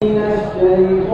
Yes, James.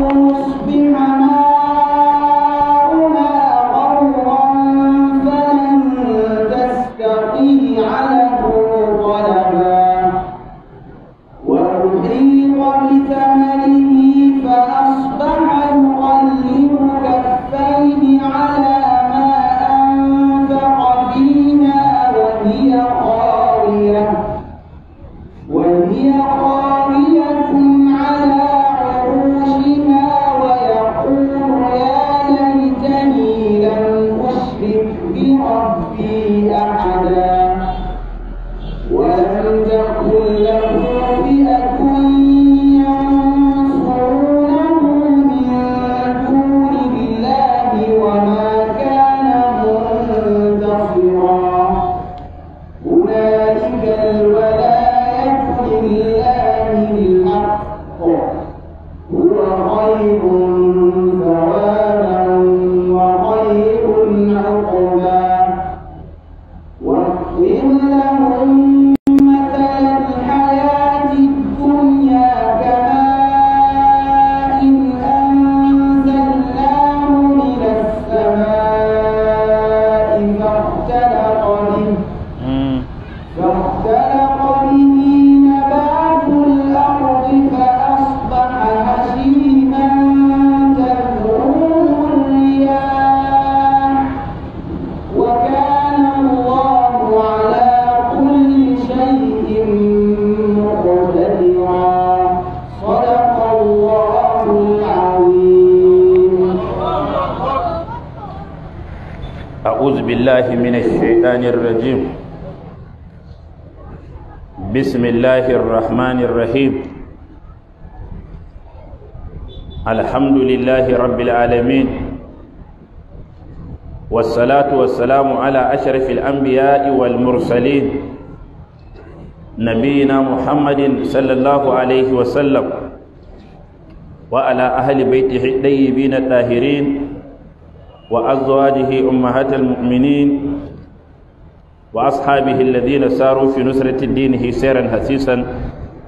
واصبر أعوذ بالله من الشيطان الرجيم بسم الله الرحمن الرحيم الحمد لله رب العالمين والصلاة والسلام على أشرف الأنبياء والمرسلين نبينا محمد صلى الله عليه وسلم وعلى أهل بيته الطيبين الطاهرين وأزواجه أمهات المؤمنين وأصحابه الذين ساروا في نصرة دينه سيرا حسيسا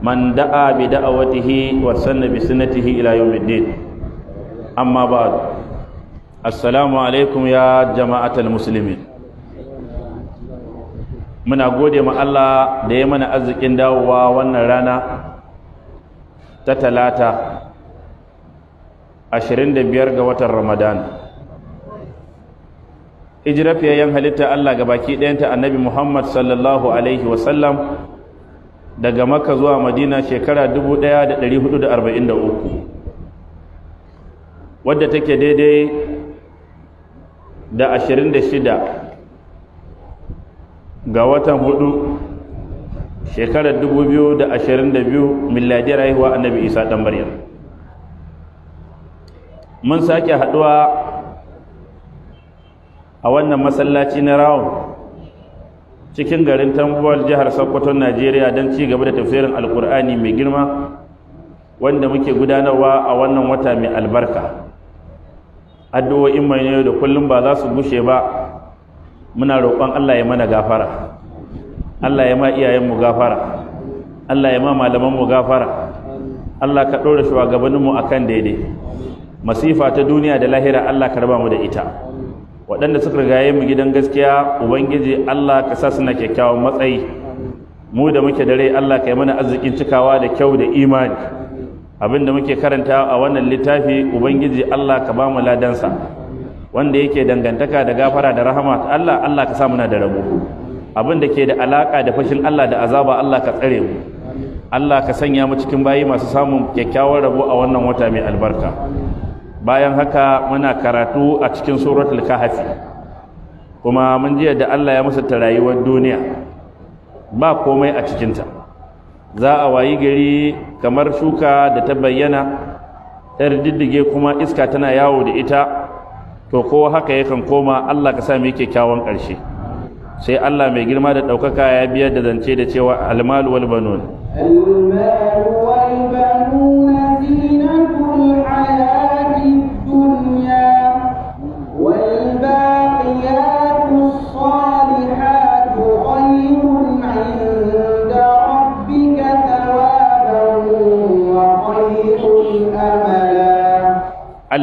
من دعا بدعوته وسن بسنته إلى يوم الدين أما بعد السلام عليكم يا جماعة المسلمين من أقول ما الله دائما أزكين دعوة ونرانا تتلاتا 25 ga watan Ramadan hijirar fiyayyen halitta Allah ga baki ɗayanta annabi Muhammad sallallahu alaihi wasallam daga maka zuwa madina shekara 1443 wadda take daidai da 26 ga watan hudu shekarar 2022 milladiyar haihuwa annabi isa ɗan mun sake haɗuwa a wannan masallaci na rawun cikin garin tambuwar jihar Sokoto najeriya don ci gaba da tafsirin alkur'ani mai girma wanda muke gudanarwa a wannan wata mai albarka addu'o'in mai yau da kullum ba za su gushe ba muna roƙon allah ya mana gafara allah ya ma iyayenmu gafara allah ya ma malamanmu gafara allah ka ɗora shugabanninmu kan daidai masifa ta duniya da lahira allah ka raba mu da ita waɗanda suka rigaye mu gidan gaskiya ubangiji Allah ka sa suna kyakkyawan matsayi mu da muke dare Allah ka yi mana arzikin cikawa da kyau da imani Abin da muke karanta a wannan littafi ubangiji Allah ka ba mu ladansa wanda yake dangantaka da gafara da rahama Allah Allah ka sa muna da rabo abin da ke da alaka da fashin Allah da azaba Allah ka tsare mu Allah ka sanya mu cikin bayi masu samun kyakkyawan rabo a wannan wata mai albarka bayan haka muna karatu a cikin suratul kahfi kuma mun ji da Allah ya masa ta rayuwar duniya ba komai a cikinta za a wayi gari kamar shuka da ta bayyana ɗar diddige kuma iska tana yawo da ita to ko haka yakan koma Allah ka sa mu kyakkyawan ƙarshe sai Allah mai girma da ɗaukaka ya biyar da zance da cewa almalu wal banun almalu wal banun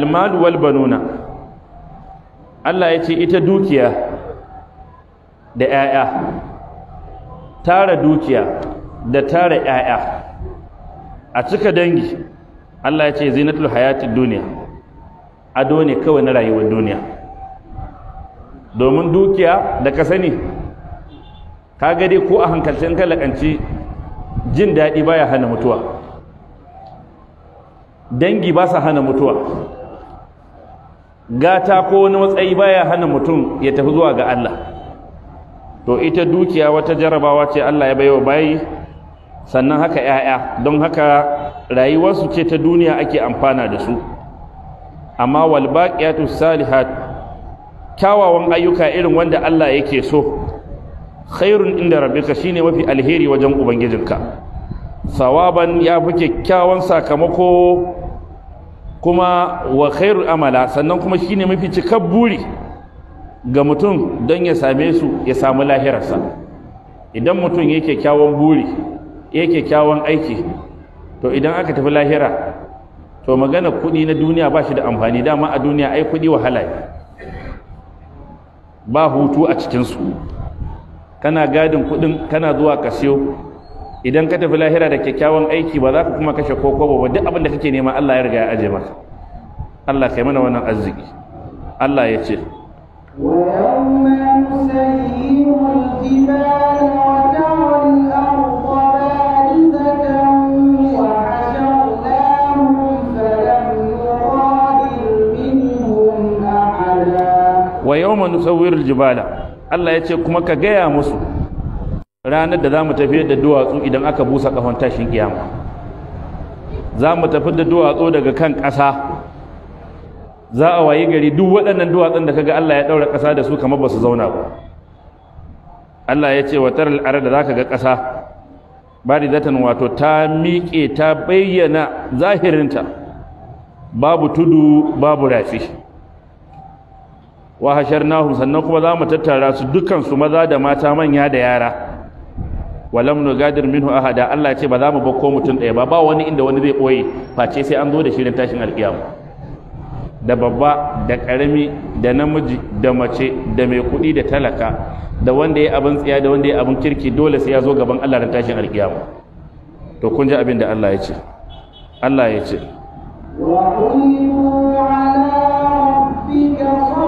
almalu wal banuna Allah ya ce ita dukiya da 'ya'ya tara dukiya da tara 'ya'ya a cika dangi Allah ya ce zinatul hayati duniya ado ne kawai na rayuwar duniya domin dukiya da ka sani ka gade ko a hankalci in kalakanci jin daɗi baya hana mutuwa dangi ba sa hana mutuwa gata ko wani matsayi baya hana mutum ya tafi zuwa ga Allah to ita dukiya wata jarabawa ce Allah ya baiwa bayi sannan haka ‘ya'ya don haka rayuwarsu ce ta duniya ake amfana da su amma walbaƙiyatu salihat kyawawan ayyuka irin wanda Allah yake so khairun inda rabbika shine mafi alheri wajen ubangijinka sawaban ya fi kyakkyawan sakamako kuma wa khairul amala sannan kuma shine mafi cikar buri ga mutum don ya same su ya samu lahirarsa idan mutum yake kyawon buri yake kyawon aiki to idan aka tafi lahira to magana kuɗi na duniya ba shi da amfani dama a duniya ai kuɗi wahala ba hutu a cikinsu kana gadin kuɗin kana zuwa kasiyo? idan ka tafi lahira da kyakkyawan aiki ba za ka kuma kashe koko ba duk abin da kake nema Allah ya riga ya aje maka Allah kai mana wannan arziki Allah ya ce ويوم نسير الجبال وترى الأرض wa yawma nusawwirul jibala Allah yace kuma ka gaya musu ranar da za mu tafi da duwatsu idan aka busa ƙahon tashin kiyama za mu tafi da duwatsu daga kan ƙasa za a wayi gari duk waɗannan duwatsun da kaga Allah ya ɗaura ƙasa da su kamar ba su zauna ba Allah ya ce watar al'ara da za ka ga ƙasa bari zatan wato ta miƙe ta bayyana zahirinta babu tudu babu rafi wa hasharnahum sannan kuma za mu tattara su dukansu maza da mata manya da yara walam gadir minhu ahada Allah ce ba za mu ba ko mutum ɗaya ba ba wani inda wani zai ɓoye face sai an zo da shirin tashin alƙiyama da babba da ƙarami da namiji da mace da mai kuɗi da talaka da wanda ya abin tsiya da wanda ya abin kirki dole sai ya zo gaban Allah ran tashin alƙiyama to kun ji abin da Allah ya ce Allah ya ce wa ala rabbika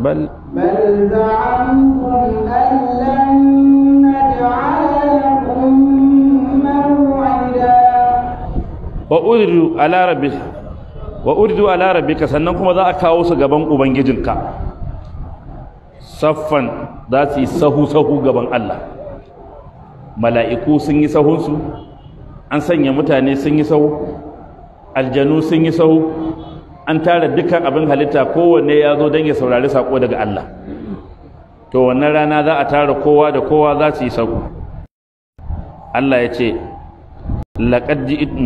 بل بل زعمتم أن لن نجعل لكم موعدا وأرد على ربك وأرد على ربك سننكم ذا أكاوس غبان أبنجدنك saffan za su yi sahu-sahu gaban Allah mala'iku sun yi sahunsu an sanya mutane sun yi sahu aljanu sun yi sahu an tara dukkan abin halitta kowanne ya zo don ya saurari saƙo daga Allah to wannan rana za a tara kowa da kowa za su yi sako Allah ya ce laƙaddi